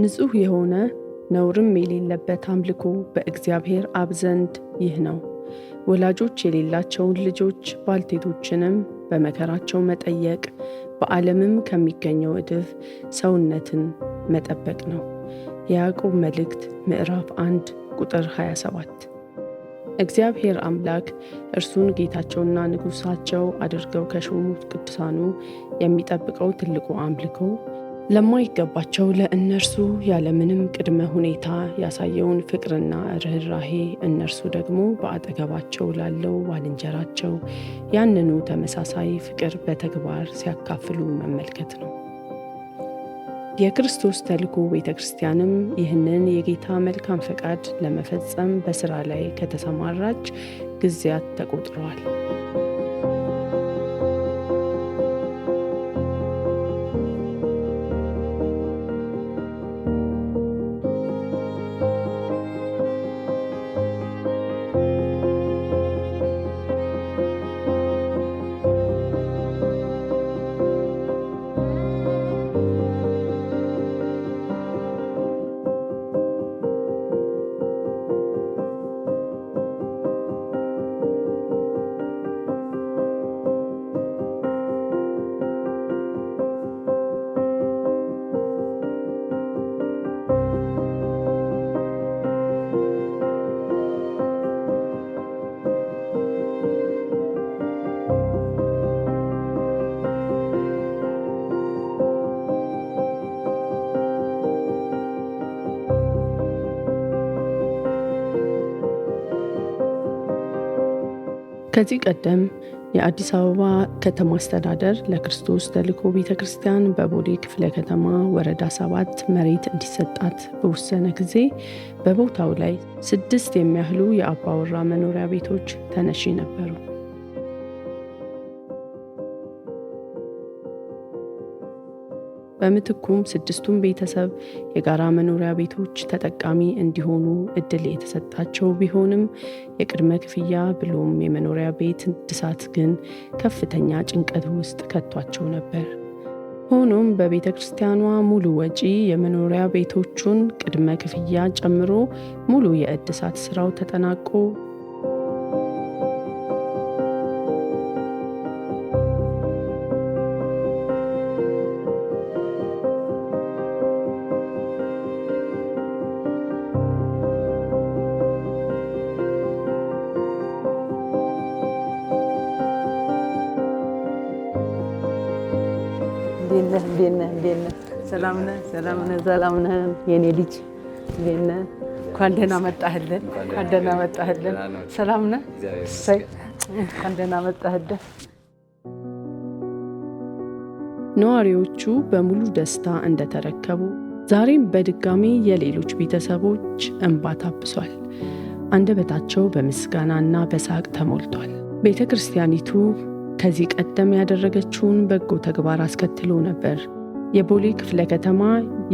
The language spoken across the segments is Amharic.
ንጹሕ የሆነ ነውርም የሌለበት አምልኮ በእግዚአብሔር አብ ዘንድ ይህ ነው። ወላጆች የሌላቸውን ልጆች ባልቴቶችንም በመከራቸው መጠየቅ በዓለምም ከሚገኘው እድፍ ሰውነትን መጠበቅ ነው። የያዕቆብ መልእክት ምዕራፍ 1 ቁጥር 27። እግዚአብሔር አምላክ እርሱን ጌታቸውና ንጉሳቸው አድርገው ከሾሙት ቅዱሳኑ የሚጠብቀው ትልቁ አምልኮ ለማይገባቸው ለእነርሱ ያለምንም ቅድመ ሁኔታ ያሳየውን ፍቅርና ርኅራሄ እነርሱ ደግሞ በአጠገባቸው ላለው ባልንጀራቸው ያንኑ ተመሳሳይ ፍቅር በተግባር ሲያካፍሉ መመልከት ነው። የክርስቶስ ተልእኮ ቤተ ክርስቲያንም ይህንን የጌታ መልካም ፈቃድ ለመፈጸም በሥራ ላይ ከተሰማራች ጊዜያት ተቆጥረዋል። ከዚህ ቀደም የአዲስ አበባ ከተማ አስተዳደር ለክርስቶስ ተልኮ ቤተ ክርስቲያን በቦዴ ክፍለ ከተማ ወረዳ ሰባት መሬት እንዲሰጣት በወሰነ ጊዜ በቦታው ላይ ስድስት የሚያህሉ የአባወራ መኖሪያ ቤቶች ተነሺ ነበሩ። በምትኩም ስድስቱም ቤተሰብ የጋራ መኖሪያ ቤቶች ተጠቃሚ እንዲሆኑ እድል የተሰጣቸው ቢሆንም የቅድመ ክፍያ ብሎም የመኖሪያ ቤት እድሳት ግን ከፍተኛ ጭንቀት ውስጥ ከቷቸው ነበር። ሆኖም በቤተ ክርስቲያኗ ሙሉ ወጪ የመኖሪያ ቤቶቹን ቅድመ ክፍያ ጨምሮ ሙሉ የእድሳት ስራው ተጠናቆ እንዴት ነህ? እንዴት ነህ? እንዴት ነህ? ሰላም ነህ? ሰላም ነህ? ሰላም ነህ? የኔ ልጅ እንዴት ነህ? እንኳን ደህና መጣህልን። እንኳን ደህና መጣህልን። ሰላም ነህ? እንኳን ደህና መጣህልን። ነዋሪዎቹ በሙሉ ደስታ እንደተረከቡ ዛሬም በድጋሚ የሌሎች ቤተሰቦች እንባ ታብሷል። አንደበታቸው በምስጋናና በሳቅ ተሞልቷል። ቤተ ክርስቲያኒቱ ከዚህ ቀደም ያደረገችውን በጎ ተግባር አስከትሎ ነበር። የቦሌ ክፍለ ከተማ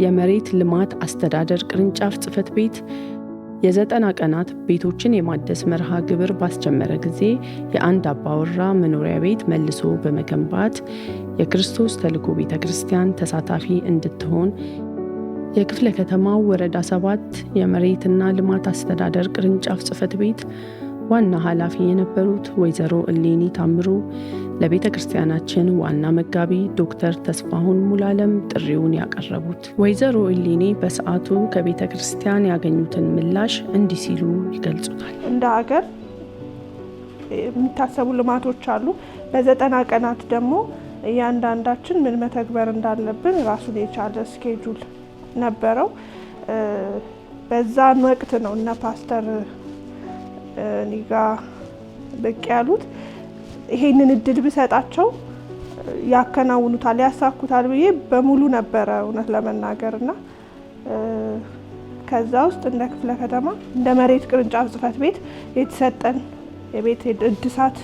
የመሬት ልማት አስተዳደር ቅርንጫፍ ጽህፈት ቤት የዘጠና ቀናት ቤቶችን የማደስ መርሃ ግብር ባስጀመረ ጊዜ የአንድ አባወራ መኖሪያ ቤት መልሶ በመገንባት የክርስቶስ ተልኮ ቤተ ክርስቲያን ተሳታፊ እንድትሆን የክፍለ ከተማው ወረዳ ሰባት የመሬትና ልማት አስተዳደር ቅርንጫፍ ጽፈት ቤት ዋና ኃላፊ የነበሩት ወይዘሮ እሌኒ ታምሩ ለቤተ ክርስቲያናችን ዋና መጋቢ ዶክተር ተስፋሁን ሙላለም ጥሪውን ያቀረቡት። ወይዘሮ እሌኒ በሰዓቱ ከቤተ ክርስቲያን ያገኙትን ምላሽ እንዲህ ሲሉ ይገልጹታል። እንደ ሀገር የሚታሰቡ ልማቶች አሉ። በዘጠና ቀናት ደግሞ እያንዳንዳችን ምን መተግበር እንዳለብን ራሱን የቻለ ስኬጁል ነበረው። በዛን ወቅት ነው እነ ፓስተር ኒጋ ብቅ ያሉት ይሄንን እድል ብሰጣቸው ያከናውኑታል፣ ያሳኩታል ብዬ በሙሉ ነበረ እውነት ለመናገር እና ከዛ ውስጥ እንደ ክፍለ ከተማ እንደ መሬት ቅርንጫፍ ጽህፈት ቤት የተሰጠን የቤት እድሳት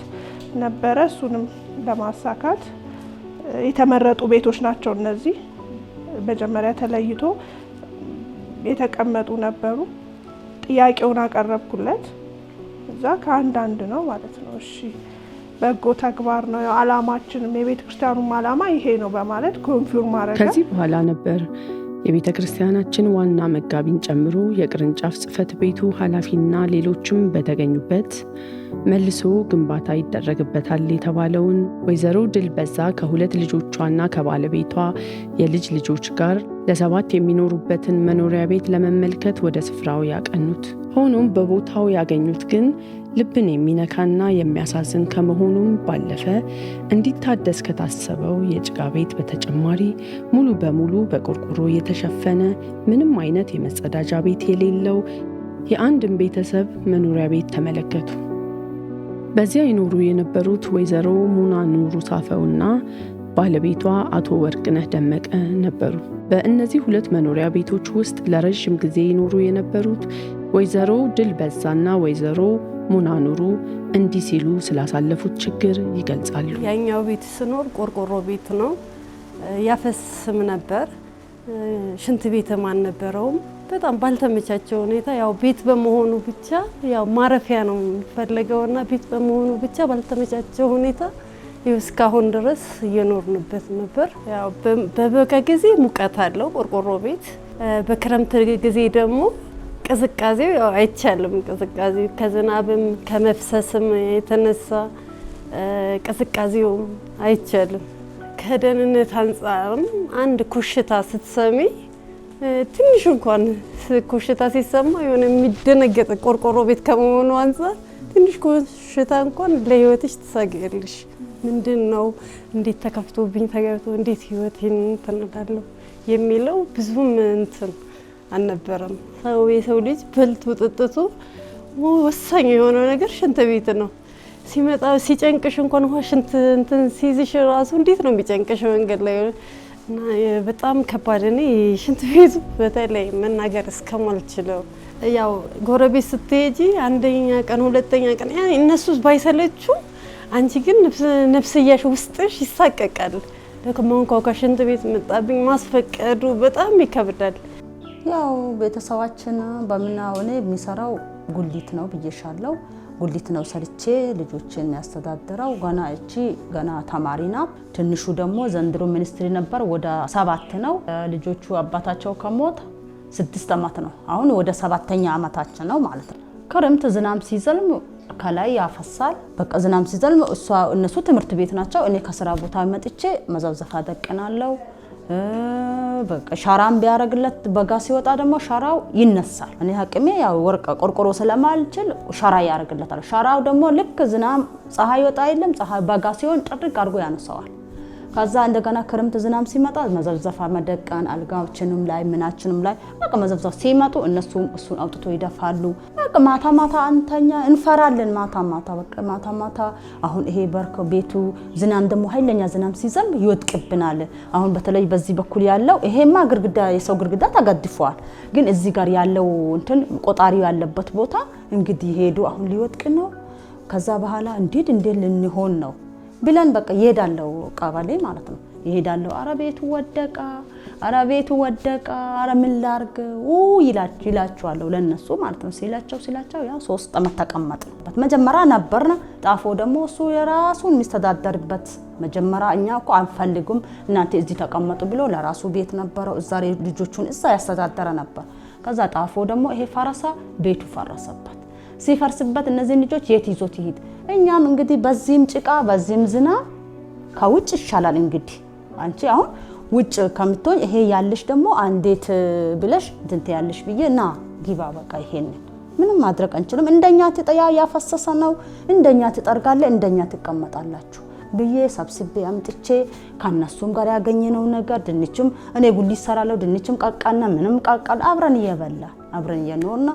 ነበረ። እሱንም ለማሳካት የተመረጡ ቤቶች ናቸው እነዚህ። መጀመሪያ ተለይቶ የተቀመጡ ነበሩ። ጥያቄውን አቀረብኩለት። እዛ ከአንድ አንድ ነው ማለት ነው። እሺ በጎ ተግባር ነው አላማችንም፣ የቤተ ክርስቲያኑም አላማ ይሄ ነው በማለት ኮንፊርም ማድረግ ከዚህ በኋላ ነበር የቤተ ክርስቲያናችን ዋና መጋቢን ጨምሮ የቅርንጫፍ ጽፈት ቤቱ ኃላፊና ሌሎችም በተገኙበት መልሶ ግንባታ ይደረግበታል የተባለውን ወይዘሮ ድል በዛ ከሁለት ልጆቿና ከባለቤቷ የልጅ ልጆች ጋር ለሰባት የሚኖሩበትን መኖሪያ ቤት ለመመልከት ወደ ስፍራው ያቀኑት። ሆኖም በቦታው ያገኙት ግን ልብን የሚነካና የሚያሳዝን ከመሆኑም ባለፈ እንዲታደስ ከታሰበው የጭቃ ቤት በተጨማሪ ሙሉ በሙሉ በቆርቆሮ የተሸፈነ ምንም አይነት የመጸዳጃ ቤት የሌለው የአንድን ቤተሰብ መኖሪያ ቤት ተመለከቱ። በዚያ ይኖሩ የነበሩት ወይዘሮ ሙና ኑሩ ሳፈውና ባለቤቷ አቶ ወርቅነህ ደመቀ ነበሩ። በእነዚህ ሁለት መኖሪያ ቤቶች ውስጥ ለረዥም ጊዜ ይኖሩ የነበሩት ወይዘሮ ድል በዛና ወይዘሮ ሙና ኑሩ እንዲህ ሲሉ ስላሳለፉት ችግር ይገልጻሉ። ያኛው ቤት ስኖር ቆርቆሮ ቤት ነው። ያፈስም ነበር፣ ሽንት ቤትም አልነበረውም። በጣም ባልተመቻቸው ሁኔታ ያው ቤት በመሆኑ ብቻ ያው ማረፊያ ነው የሚፈለገውና ቤት በመሆኑ ብቻ ባልተመቻቸው ሁኔታ እስካሁን ድረስ እየኖርንበት ነበር። ያው በበጋ ጊዜ ሙቀት አለው ቆርቆሮ ቤት፣ በክረምት ጊዜ ደግሞ ቅዝቃዜው ያው አይቻልም። ቅዝቃዜው ከዝናብም ከመፍሰስም የተነሳ ቅዝቃዜውም አይቻልም። ከደህንነት አንጻርም አንድ ኩሽታ ስትሰሚ ትንሽ እንኳን ኩሽታ ሲሰማ የሆነ የሚደነገጠ ቆርቆሮ ቤት ከመሆኑ አንጻር ትንሽ ኩሽታ እንኳን ለህይወትሽ ትሰጋለሽ። ምንድን ነው እንዴት ተከፍቶብኝ ተገብቶ እንዴት ህይወት እንትን እላለሁ የሚለው ብዙም እንትን አልነበረም። ሰው የሰው ልጅ በልቱ ጥጥቱ ወሳኝ የሆነው ነገር ሽንት ቤት ነው። ሲመጣ ሲጨንቅሽ እንኳን ውሃ ሽንት እንትን ሲይዝሽ ራሱ እንዴት ነው የሚጨንቅሽ መንገድ ላይ እና በጣም ከባድ። እኔ ሽንት ቤቱ በተለይ መናገር እስከማልችለው ያው ጎረቤት ስትሄጂ አንደኛ ቀን ሁለተኛ ቀን እነሱ ባይሰለቹ አንቺ ግን ነፍስያሽ ውስጥሽ ይሳቀቃል። ለከመንኳኳ ከሽንት ቤት መጣብኝ ማስፈቀዱ በጣም ይከብዳል። ያው ቤተሰባችን በምናሆነ የሚሰራው ጉሊት ነው ብዬሻለው። ጉሊት ነው ሰርቼ ልጆችን የሚያስተዳድረው ገና እቺ ገና ተማሪ ና ትንሹ ደግሞ ዘንድሮ ሚኒስትሪ ነበር ወደ ሰባት ነው። ልጆቹ አባታቸው ከሞት ስድስት ዓመት ነው። አሁን ወደ ሰባተኛ ዓመታችን ነው ማለት ነው። ክረምት ዝናም ሲዘልም ከላይ ያፈሳል። በቃ ዝናብ ሲዘልም እሷ እነሱ ትምህርት ቤት ናቸው። እኔ ከስራ ቦታ መጥቼ መዘብዘፋ ደቅናለው። በቃ ሻራም ቢያደርግለት በጋ ሲወጣ ደግሞ ሻራው ይነሳል። እኔ አቅሜ ያው ወርቀ ቆርቆሮ ስለማልችል ሻራ ያደርግለታል። ሻራው ደግሞ ልክ ዝናብ ፀሐይ ወጣ የለም ፀሐይ በጋ ሲሆን ጥርግ አድርጎ ያነሳዋል። ከዛ እንደገና ክርምት ዝናብ ሲመጣ መዘብዘፋ መደቀን አልጋችንም ላይ ምናችንም ላይ በቃ መዘብዘፍ ሲመጡ እነሱም እሱን አውጥቶ ይደፋሉ። በቃ ማታ ማታ አንተኛ እንፈራለን። ማታ ማታ በቃ ማታ ማታ አሁን ይሄ በርከ ቤቱ ዝናም ደግሞ ኃይለኛ ዝናብ ሲዘንብ ይወድቅብናል። አሁን በተለይ በዚህ በኩል ያለው ይሄማ ግርግዳ የሰው ግርግዳ ተገድፏል። ግን እዚህ ጋር ያለው እንትን ቆጣሪ ያለበት ቦታ እንግዲህ ሄዱ አሁን ሊወድቅ ነው። ከዛ በኋላ እንዴት እንዴት ልንሆን ነው ብለን በቃ ይሄዳለው ቀበሌ ማለት ነው ይሄዳለው። አረ ቤቱ ወደቃ፣ አረ ቤቱ ወደቃ፣ አረ ምን ላርግ ይላችኋለሁ ለነሱ ማለት ነው። ሲላቸው ሲላቸው ያው ሶስት አመት ተቀመጥንበት። መጀመሪያ ነበርን ጣፎ ደግሞ እሱ የራሱን የሚስተዳደርበት መጀመሪያ እኛ እኮ አንፈልጉም እናንተ እዚህ ተቀመጡ ብሎ ለራሱ ቤት ነበረው። እዛ ልጆቹን እዛ ያስተዳደረ ነበር። ከዛ ጣፎ ደግሞ ይሄ ፈረሳ ቤቱ ፈረሰበት። ሲፈርስበት እነዚህን ልጆች የት ይዞት ይሄድ? እኛም እንግዲህ በዚህም ጭቃ በዚህም ዝና ከውጭ ይሻላል። እንግዲህ አንቺ አሁን ውጭ ከምትሆኝ ይሄ ያለሽ ደግሞ አንዴት ብለሽ ድንት ያለሽ ብዬ ና ጊባ በቃ ይሄን ምንም ማድረግ አንችልም። እንደኛ ትጠያ ያፈሰሰ ነው። እንደኛ ትጠርጋለ፣ እንደኛ ትቀመጣላችሁ ብዬ ሰብስቤ አምጥቼ ከነሱም ጋር ያገኘነው ነገር ድንችም እኔ ጉሊ ይሰራለሁ ድንችም ቀቃና ምንም ቀቃል አብረን እየበላ አብረን እየኖርና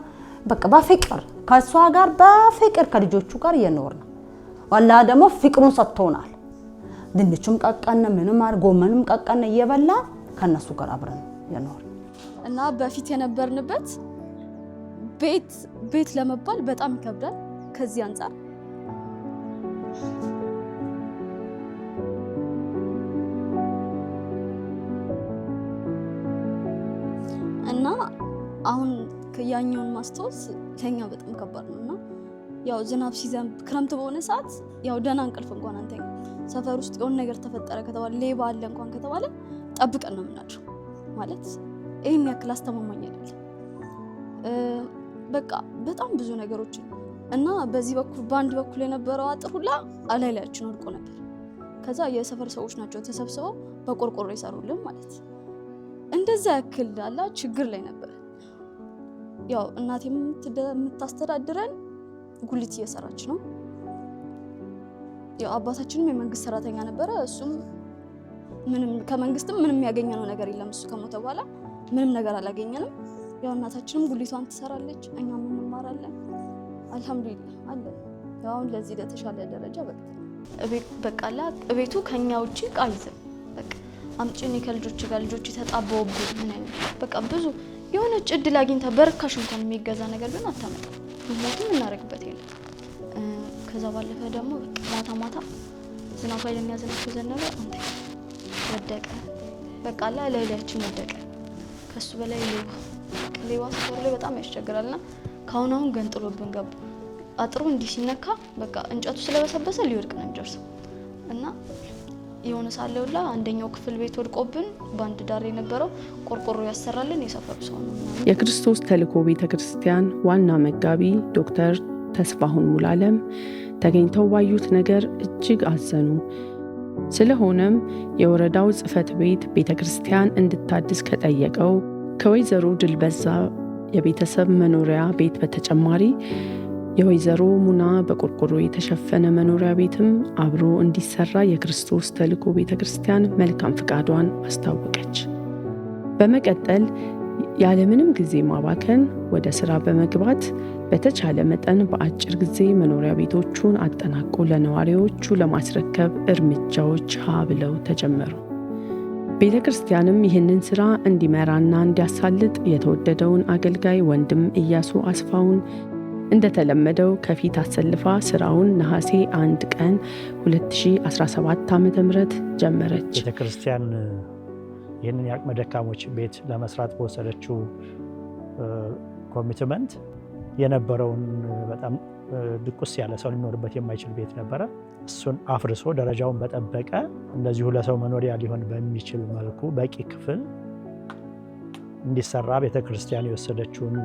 በቃ በፍቅር ከእሷ ጋር በፍቅር ከልጆቹ ጋር እየኖር ነው። አላህ ደግሞ ፍቅሩን ሰጥቶናል። ድንቹም ቀቀነ ምንም አር ጎመንም ቀቀነ እየበላ ከነሱ ጋር አብረን የኖር እና በፊት የነበርንበት ቤት ቤት ለመባል በጣም ይከብዳል። ከዚህ አንጻር እና አሁን ያኛውን ማስታወስ ከኛ በጣም ከባድ ነው እና ያው ዝናብ ሲዘንብ ክረምት በሆነ ሰዓት ያው ደህና እንቅልፍ እንኳን አንተ ሰፈር ውስጥ የሆነ ነገር ተፈጠረ ከተባለ ሌባ አለ እንኳን ከተባለ ጠብቀን ነው የምናድረው። ማለት ይህን ያክል አስተማማኝ አይደለም። በቃ በጣም ብዙ ነገሮች እና በዚህ በኩል በአንድ በኩል የነበረው አጥር ሁላ አላይላችን ወድቆ ነበር። ከዛ የሰፈር ሰዎች ናቸው ተሰብስበው በቆርቆሮ የሰሩልን ማለት እንደዛ ያክል አላ ችግር ላይ ነበር። ያው እናቴ የምታስተዳድረን ጉሊት እየሰራች ነው። ያው አባታችንም የመንግስት ሰራተኛ ነበረ። እሱም ምንም ከመንግስትም ምንም ያገኘነው ነገር የለም። እሱ ከሞተ በኋላ ምንም ነገር አላገኘንም። ያው እናታችንም ጉሊቷን ትሰራለች፣ እኛም እንማራለን። አልሐምዱሊላህ አለ። ያው አሁን ለዚህ ለተሻለ ደረጃ በቃ እቤቱ ከኛ ውጭ ቃል በቃ ከልጆች ጋር ልጆች ተጣበውብኝ ምን በቃ ብዙ የሆነች እድል አግኝታ በርካሽ እንኳን የሚገዛ ነገር ግን አታመጣ። ምክንያቱም እናደርግበት የለም። ከዛ ባለፈ ደግሞ ማታ ማታ ዝናብ ኃይል የሚያዘናቸው ዘነበ አንተ ወደቀ፣ በቃ ላ ለላያችን ወደቀ። ከሱ በላይ ሌባ ሌባ ሰፈሩ ላይ በጣም ያስቸግራል። ና ከአሁን አሁን ገንጥሎብን ገቡ። አጥሩ እንዲህ ሲነካ በቃ እንጨቱ ስለበሰበሰ ሊወድቅ ነው የሚደርሰው እና የሆነ ሳለ ሁላ አንደኛው ክፍል ቤት ወድቆብን በአንድ ዳር የነበረው ቆርቆሮ ያሰራልን የሰፈሩ ሰው ነው። የክርስቶስ ተልዕኮ ቤተ ክርስቲያን ዋና መጋቢ ዶክተር ተስፋሁን ሙላለም ተገኝተው ባዩት ነገር እጅግ አዘኑ። ስለሆነም የወረዳው ጽህፈት ቤት ቤተ ክርስቲያን እንድታድስ ከጠየቀው ከወይዘሮ ድልበዛ የቤተሰብ መኖሪያ ቤት በተጨማሪ የወይዘሮ ሙና በቆርቆሮ የተሸፈነ መኖሪያ ቤትም አብሮ እንዲሰራ የክርስቶስ ተልእኮ ቤተ ክርስቲያን መልካም ፍቃዷን አስታወቀች። በመቀጠል ያለምንም ጊዜ ማባከን ወደ ስራ በመግባት በተቻለ መጠን በአጭር ጊዜ መኖሪያ ቤቶቹን አጠናቆ ለነዋሪዎቹ ለማስረከብ እርምጃዎች ሀ ብለው ተጀመሩ። ቤተ ክርስቲያንም ይህንን ስራ እንዲመራና እንዲያሳልጥ የተወደደውን አገልጋይ ወንድም እያሱ አስፋውን እንደተለመደው ከፊት አሰልፋ ስራውን ነሐሴ አንድ ቀን 2017 ዓ ም ጀመረች። ቤተክርስቲያን ይህንን የአቅመ ደካሞች ቤት ለመስራት በወሰደችው ኮሚትመንት የነበረውን በጣም ድቁስ ያለ ሰው ሊኖርበት የማይችል ቤት ነበረ። እሱን አፍርሶ ደረጃውን በጠበቀ እንደዚሁ ለሰው መኖሪያ ሊሆን በሚችል መልኩ በቂ ክፍል እንዲሰራ ቤተክርስቲያን የወሰደችውን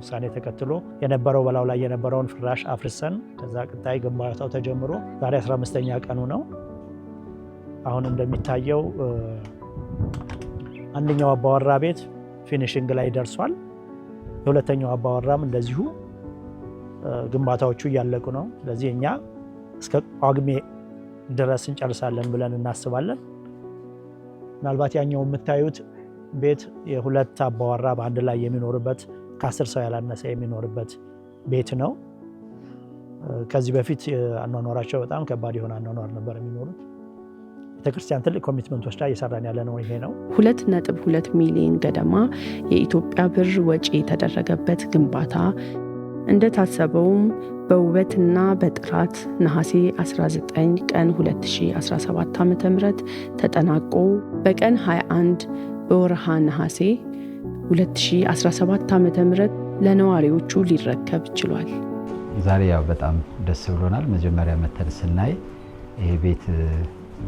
ውሳኔ ተከትሎ የነበረው በላው ላይ የነበረውን ፍራሽ አፍርሰን ከዛ ቀጣይ ግንባታው ተጀምሮ ዛሬ 15ኛ ቀኑ ነው። አሁን እንደሚታየው አንደኛው አባወራ ቤት ፊኒሽንግ ላይ ደርሷል። የሁለተኛው አባወራም እንደዚሁ ግንባታዎቹ እያለቁ ነው። ስለዚህ እኛ እስከ ጳጉሜ ድረስ እንጨርሳለን ብለን እናስባለን። ምናልባት ያኛው የምታዩት ቤት የሁለት አባወራ በአንድ ላይ የሚኖርበት ከአስር ሰው ያላነሰ የሚኖርበት ቤት ነው። ከዚህ በፊት አኗኗራቸው በጣም ከባድ የሆነ አኗኗር ነበር የሚኖሩት። ቤተክርስቲያን ትልቅ ኮሚትመንቶች ላይ እየሰራን ያለ ነው። ይሄ ነው ሁለት ነጥብ ሁለት ሚሊዮን ገደማ የኢትዮጵያ ብር ወጪ የተደረገበት ግንባታ እንደታሰበውም በውበትና በጥራት ነሐሴ 19 ቀን 2017 ዓ ም ተጠናቆ በቀን 21 በወርሃ ነሐሴ 2017 ዓ ም ለነዋሪዎቹ ሊረከብ ችሏል። ዛሬ ያው በጣም ደስ ብሎናል። መጀመሪያ መተን ስናይ ይሄ ቤት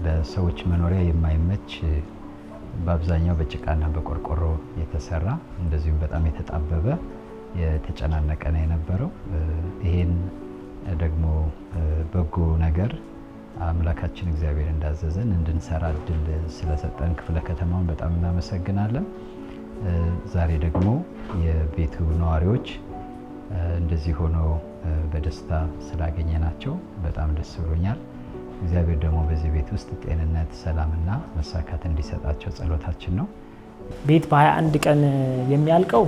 ለሰዎች መኖሪያ የማይመች በአብዛኛው በጭቃና በቆርቆሮ የተሰራ እንደዚሁም በጣም የተጣበበ የተጨናነቀ ነው የነበረው። ይሄን ደግሞ በጎ ነገር አምላካችን እግዚአብሔር እንዳዘዘን እንድንሰራ እድል ስለሰጠን ክፍለ ከተማውን በጣም እናመሰግናለን። ዛሬ ደግሞ የቤቱ ነዋሪዎች እንደዚህ ሆነው በደስታ ስላገኘ ናቸው። በጣም ደስ ብሎኛል። እግዚአብሔር ደግሞ በዚህ ቤት ውስጥ ጤንነት፣ ሰላምና መሳካት እንዲሰጣቸው ጸሎታችን ነው። ቤት በ21 ቀን የሚያልቀው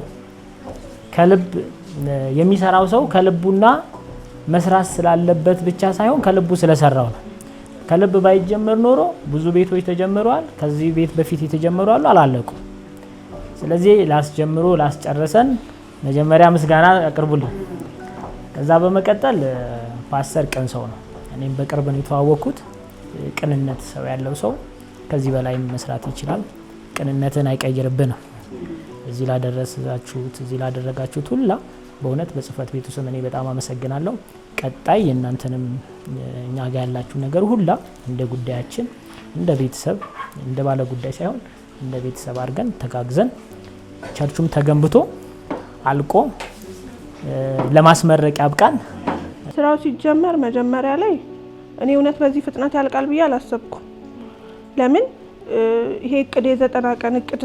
ከልብ የሚሰራው ሰው ከልቡና መስራት ስላለበት ብቻ ሳይሆን ከልቡ ስለሰራው ነው። ከልብ ባይጀምር ኖሮ ብዙ ቤቶች ተጀምረዋል። ከዚህ ቤት በፊት የተጀመሩ አሉ፣ አላለቁም። ስለዚህ ላስጀምሮ ላስጨረሰን መጀመሪያ ምስጋና ያቅርቡልን። ከዛ በመቀጠል ፓስተር ቅን ሰው ነው። እኔም በቅርብ ነው የተዋወቅኩት። ቅንነት ሰው ያለው ሰው ከዚህ በላይ መስራት ይችላል። ቅንነትን አይቀይርብንም። እዚህ ላደረሳችሁት፣ እዚህ ላደረጋችሁት ሁላ በእውነት በጽህፈት ቤቱ ስም እኔ በጣም አመሰግናለሁ። ቀጣይ የእናንተንም እኛ ጋር ያላችሁ ነገር ሁላ እንደ ጉዳያችን እንደ ቤተሰብ እንደ ባለ ጉዳይ ሳይሆን እንደ ቤተሰብ አድርገን ተጋግዘን ቸርቹም ተገንብቶ አልቆ ለማስመረቅ ያብቃን። ስራው ሲጀመር መጀመሪያ ላይ እኔ እውነት በዚህ ፍጥነት ያልቃል ብዬ አላሰብኩም። ለምን ይሄ እቅድ የዘጠና ቀን እቅድ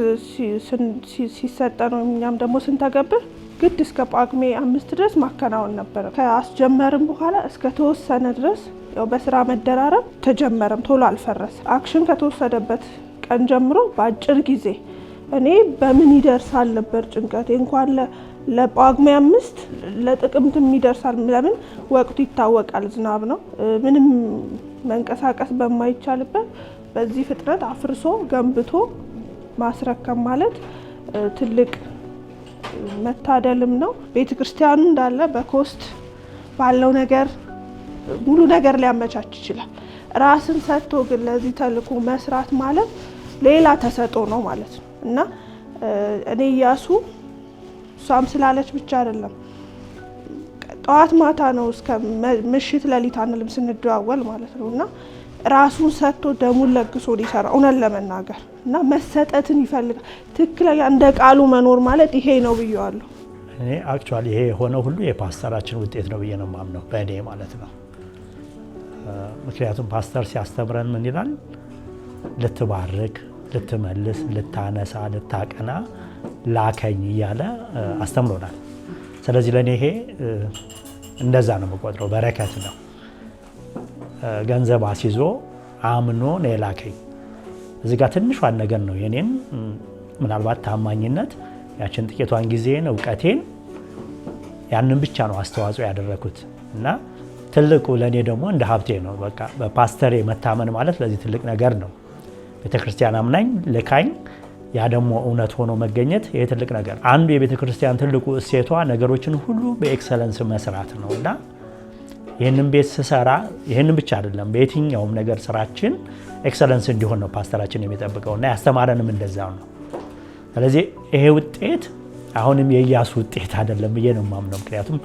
ሲሰጠ ነው። እኛም ደግሞ ስንተገብር ግድ እስከ ጳጉሜ አምስት ድረስ ማከናወን ነበረ። ከአስጀመርም በኋላ እስከ ተወሰነ ድረስ ያው በስራ መደራረብ ተጀመረም፣ ቶሎ አልፈረሰ። አክሽን ከተወሰደበት ቀን ጀምሮ በአጭር ጊዜ እኔ በምን ይደርሳል ነበር ጭንቀቴ። እንኳን ለጳጉሜ አምስት ለጥቅምት ይደርሳል። ለምን ወቅቱ ይታወቃል፣ ዝናብ ነው። ምንም መንቀሳቀስ በማይቻልበት በዚህ ፍጥነት አፍርሶ ገንብቶ ማስረከብ ማለት ትልቅ መታደልም ነው። ቤተ ክርስቲያኑ እንዳለ በኮስት ባለው ነገር ሙሉ ነገር ሊያመቻች ይችላል። ራስን ሰጥቶ ግን ለዚህ ተልዕኮ መስራት ማለት ሌላ ተሰጦ ነው ማለት ነው እና እኔ እያሱ እሷም ስላለች ብቻ አይደለም ጠዋት ማታ ነው እስከ ምሽት ለሊት አንልም ስንደዋወል ማለት ነው እና ራሱን ሰጥቶ ደሙን ለግሶ ሊሰራ እውነት ለመናገር እና መሰጠትን ይፈልጋል። ትክክለኛ እንደ ቃሉ መኖር ማለት ይሄ ነው ብዬዋለሁ። እኔ አክቹዋሊ ይሄ የሆነ ሁሉ የፓስተራችን ውጤት ነው ብዬ ነው ማምነው በእኔ ማለት ነው። ምክንያቱም ፓስተር ሲያስተምረን ምን ይላል? ልትባርክ ልትመልስ፣ ልታነሳ፣ ልታቀና ላከኝ እያለ አስተምሮናል። ስለዚህ ለእኔ ይሄ እንደዛ ነው የምቆጥረው፣ በረከት ነው። ገንዘብ አስይዞ አምኖ ነው የላከኝ። እዚህ ጋር ትንሿን ነገር ነው የኔን ምናልባት ታማኝነት ያችን ጥቂቷን ጊዜን እውቀቴን ያንን ብቻ ነው አስተዋጽኦ ያደረኩት እና ትልቁ ለእኔ ደግሞ እንደ ሀብቴ ነው። በቃ በፓስተሬ መታመን ማለት ለዚህ ትልቅ ነገር ነው። ቤተክርስቲያን አምናኝ ልካኝ ያ ደግሞ እውነት ሆኖ መገኘት ይህ ትልቅ ነገር አንዱ የቤተ ክርስቲያን ትልቁ እሴቷ ነገሮችን ሁሉ በኤክሰለንስ መስራት ነው እና ይህንን ቤት ስሰራ ይህንን ብቻ አይደለም በየትኛውም ነገር ስራችን ኤክሰለንስ እንዲሆን ነው ፓስተራችን የሚጠብቀው እና ያስተማረንም እንደዛ ነው። ስለዚህ ይሄ ውጤት አሁንም የእያሱ ውጤት አይደለም ብዬ ነው የማምነው። ምክንያቱም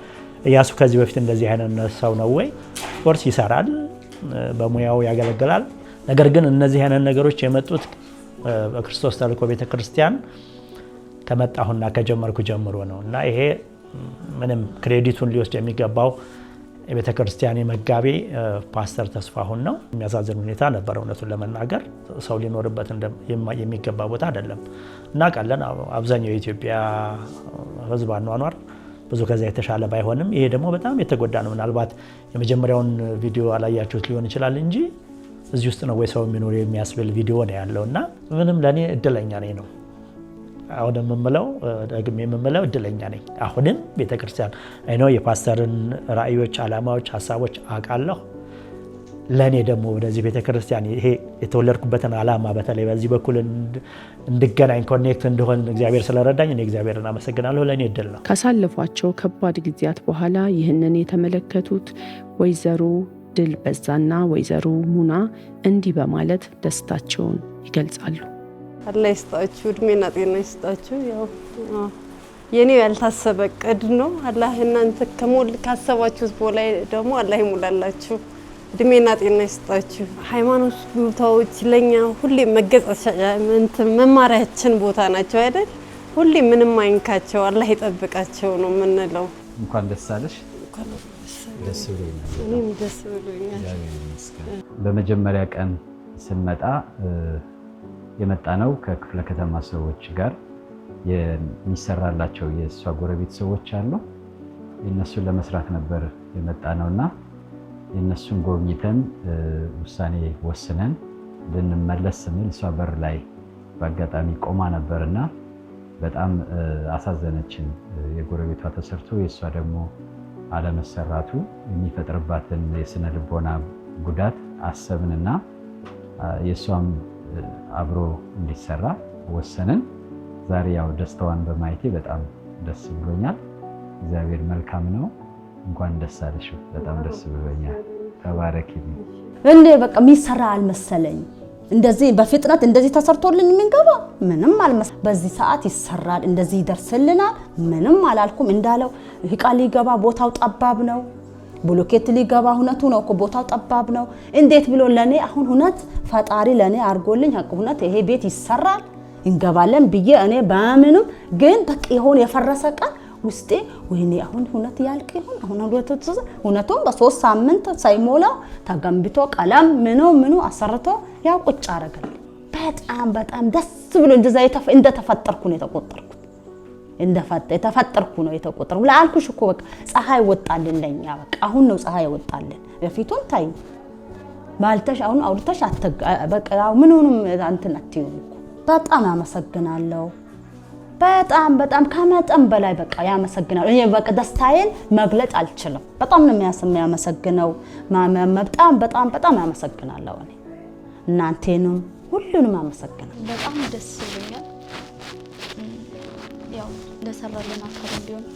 እያሱ ከዚህ በፊት እንደዚህ አይነት ሰው ነው ወይ? ኦርስ ይሰራል፣ በሙያው ያገለግላል ነገር ግን እነዚህ አይነት ነገሮች የመጡት በክርስቶስ ተልእኮ ቤተ ክርስቲያን ከመጣሁና ከጀመርኩ ጀምሮ ነው እና ይሄ ምንም ክሬዲቱን ሊወስድ የሚገባው የቤተ ክርስቲያን መጋቢ ፓስተር ተስፋሁን ነው። የሚያሳዝን ሁኔታ ነበር። እውነቱን ለመናገር ሰው ሊኖርበት የሚገባ ቦታ አይደለም። እናውቃለን። አብዛኛው የኢትዮጵያ ሕዝብ አኗኗር ብዙ ከዚያ የተሻለ ባይሆንም ይሄ ደግሞ በጣም የተጎዳ ነው። ምናልባት የመጀመሪያውን ቪዲዮ አላያችሁት ሊሆን ይችላል እንጂ እዚህ ውስጥ ነው ወይ ሰው የሚኖር የሚያስብል ቪዲዮ ነው ያለው እና ምንም ለእኔ እድለኛ ነኝ ነው አሁን የምምለው ደግሜ የምምለው እድለኛ ነኝ። አሁንም ቤተክርስቲያን አይኖ የፓስተርን ራእዮች፣ አላማዎች፣ ሀሳቦች አውቃለሁ። ለእኔ ደግሞ ወደዚህ ቤተክርስቲያን ይሄ የተወለድኩበትን አላማ በተለይ በዚህ በኩል እንድገናኝ ኮኔክት እንደሆን እግዚአብሔር ስለረዳኝ እኔ እግዚአብሔርን አመሰግናለሁ። ለእኔ እድል ነው። ካሳለፏቸው ከባድ ጊዜያት በኋላ ይህንን የተመለከቱት ወይዘሮ ድል በዛና ወይዘሮ ሙና እንዲህ በማለት ደስታቸውን ይገልጻሉ። አላ ይስጣችሁ፣ እድሜና ጤና ይስጣችሁ። ያው የኔው ያልታሰበ እቅድ ነው። አላህ እናንተ ከሞል ካሰባችሁት በላይ ደግሞ አላህ ይሙላላችሁ፣ እድሜና ጤና ይስጣችሁ። ሃይማኖት ቦታዎች ለኛ ሁሌ መገጸሻ መማሪያችን ቦታ ናቸው አይደል? ሁሌ ምንም አይንካቸው፣ አላህ ይጠብቃቸው ነው የምንለው። እንኳን ደስ አለሽ። ደስ ብሎኛል። በመጀመሪያ ቀን ስንመጣ የመጣ ነው ከክፍለ ከተማ ሰዎች ጋር የሚሰራላቸው የእሷ ጎረቤት ሰዎች አሉ። የእነሱን ለመስራት ነበር የመጣ ነው እና የእነሱን ጎብኝተን ውሳኔ ወስነን ልንመለስ ስንል እሷ በር ላይ በአጋጣሚ ቆማ ነበርና በጣም አሳዘነችን። የጎረቤቷ ተሰርቶ የእሷ ደግሞ አለመሰራቱ የሚፈጥርባትን የስነ ልቦና ጉዳት አሰብንና የእሷም አብሮ እንዲሰራ ወሰንን። ዛሬ ያው ደስታዋን በማየቴ በጣም ደስ ብሎኛል። እግዚአብሔር መልካም ነው። እንኳን ደስ አለሽ። በጣም ደስ ብሎኛል። ተባረኪ። እንዴ በቃ የሚሰራ አልመሰለኝ እንደዚህ በፍጥነት እንደዚህ ተሰርቶልን የምንገባ ምንም አልመስ በዚህ ሰዓት ይሰራል፣ እንደዚህ ይደርስልናል፣ ምንም አላልኩም። እንዳለው እቃ ሊገባ ቦታው ጠባብ ነው። ብሎኬት ሊገባ እውነቱ ነው እኮ ቦታው ጠባብ ነው። እንዴት ብሎ ለእኔ አሁን እውነት ፈጣሪ ለእኔ አድርጎልኝ እውነት ይሄ ቤት ይሰራል እንገባለን ብዬ እኔ በምንም ግን በቃ የሆነ የፈረሰ ቀን ውስጤ ወይኔ አሁን እውነት ያልቅ ይሁን አሁን እውነቱም በሶስት ሳምንት ሳይሞላ ተገንብቶ ቀለም ምኖ ምኑ አሰርቶ ያው ቁጭ አረገልኝ። በጣም በጣም ደስ ብሎ እንደዛ እንደ ተፈጠርኩ ነው የተቆጠርኩት። የተፈጠርኩ ነው የተቆጠርኩ ለአልኩሽ እኮ በቃ ፀሐይ ወጣልን ለኛ በቃ አሁን ነው ፀሐይ ወጣልን። በፊቱን ታይ ባልተሽ አሁን አውርተሽ አትበቃ ምኑንም እንትን አትይውም። በጣም አመሰግናለሁ። በጣም በጣም ከመጠን በላይ በቃ ያመሰግናል። እኔ በቃ ደስታዬን መግለጽ አልችልም። በጣም ነው የሚያመሰግነው። በጣም በጣም በጣም ያመሰግናለሁ። እኔ እናንቴንም ሁሉንም አመሰግናለሁ። በጣም ደስ ይለኛል። ያው ለሰራልን አካል ቢሆን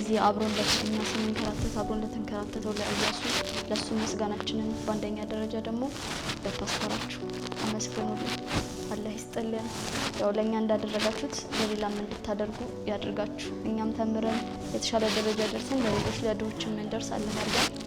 እዚህ አብሮን ለእኛ ስንንከራተት አብሮን ለተንከራተተው ለእያሱ ለእሱ ምስጋናችንን በአንደኛ ደረጃ ደግሞ ለፓስተራችሁ አመስግኑልን። አላህ ይስጥልን። ያው ለእኛ እንዳደረጋችሁት ለሌላም እንድታደርጉ ያድርጋችሁ። እኛም ተምረን የተሻለ ደረጃ ደርሰን ለሌሎች ለድሆች የምንደርስ አላህ ያድርገን።